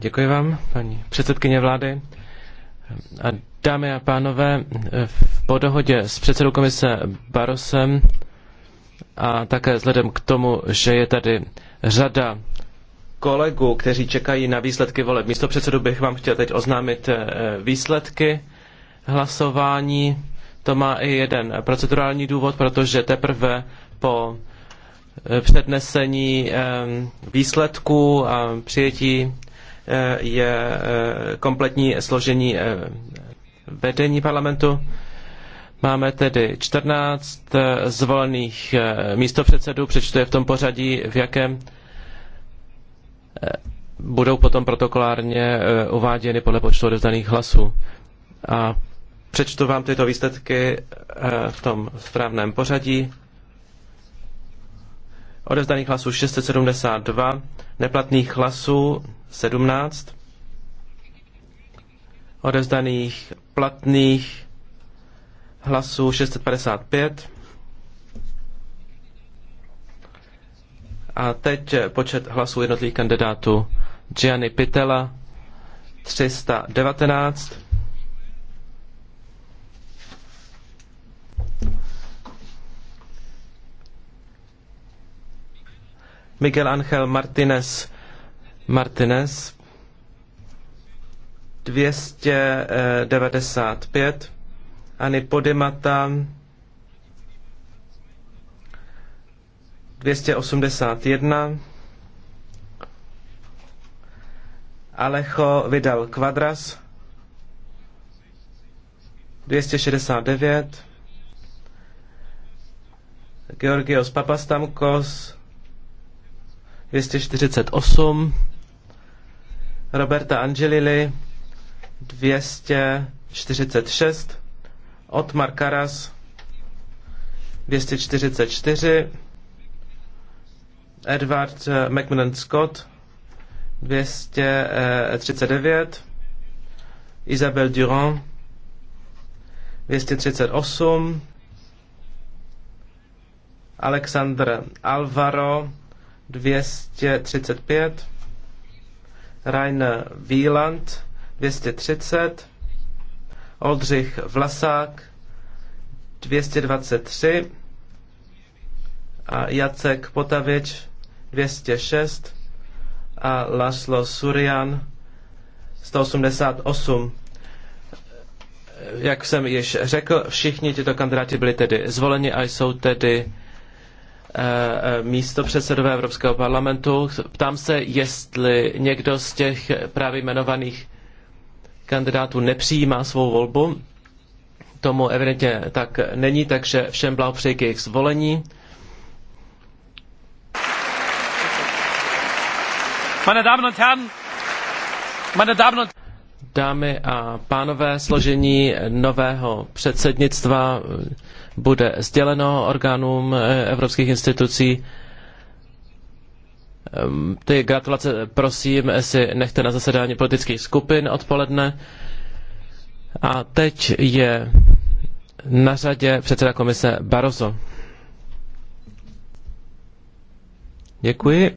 Děkuji vám, paní předsedkyně vlády. A dámy a pánové, po dohodě s předsedou komise Barosem a také vzhledem k tomu, že je tady řada kolegů, kteří čekají na výsledky voleb. Místo předsedu bych vám chtěl teď oznámit eh, výsledky hlasování. To má i jeden procedurální důvod, protože teprve po Eh, přednesení výsledků a přijetí eh, je eh, kompletní složení vedení parlamentu. Máme tedy 14 zvolených místopředsedů, přečtu je v tom pořadí, v jakém budou potom protokolárně uváděny podle počtu odevzdaných hlasů. A přečtu vám tyto výsledky v tom správném pořadí odevzdaných hlasů 672, neplatných hlasů 17, odevzdaných platných hlasů 655. A teď počet hlasů jednotlivých kandidátů Gianni Pitela 319, Miguel Angel Martinez Martinez 295 Ani Podimata 281 Alejo Vidal Quadras 269 Georgios Papastamkos 248, Roberta Angelili 246, Otmar Karas 244, Edward eh, Macmillan Scott 239, Isabel Durand 238, Alexandr Alvaro 235, Rainer Wieland 230, Oldřich Vlasák 223 a Jacek Potavič 206 a Laslo Surian 188. Jak jsem již řekl, všichni tyto kandidáti byli tedy zvoleni a jsou tedy Eh, eh, místo předsedové Evropského parlamentu. Ptám se, jestli někdo z těch právě jmenovaných kandidátů nepřijímá svou volbu. Tomu evidentně tak není, takže všem blahopřeji k jejich zvolení. Dámy a pánové, složení nového předsednictva bude sděleno orgánům eh, evropských institucí. Ehm, ty gratulace, prosím, si nechte na zasedání politických skupin odpoledne. A teď je na řadě předseda komise Barroso. Děkuji.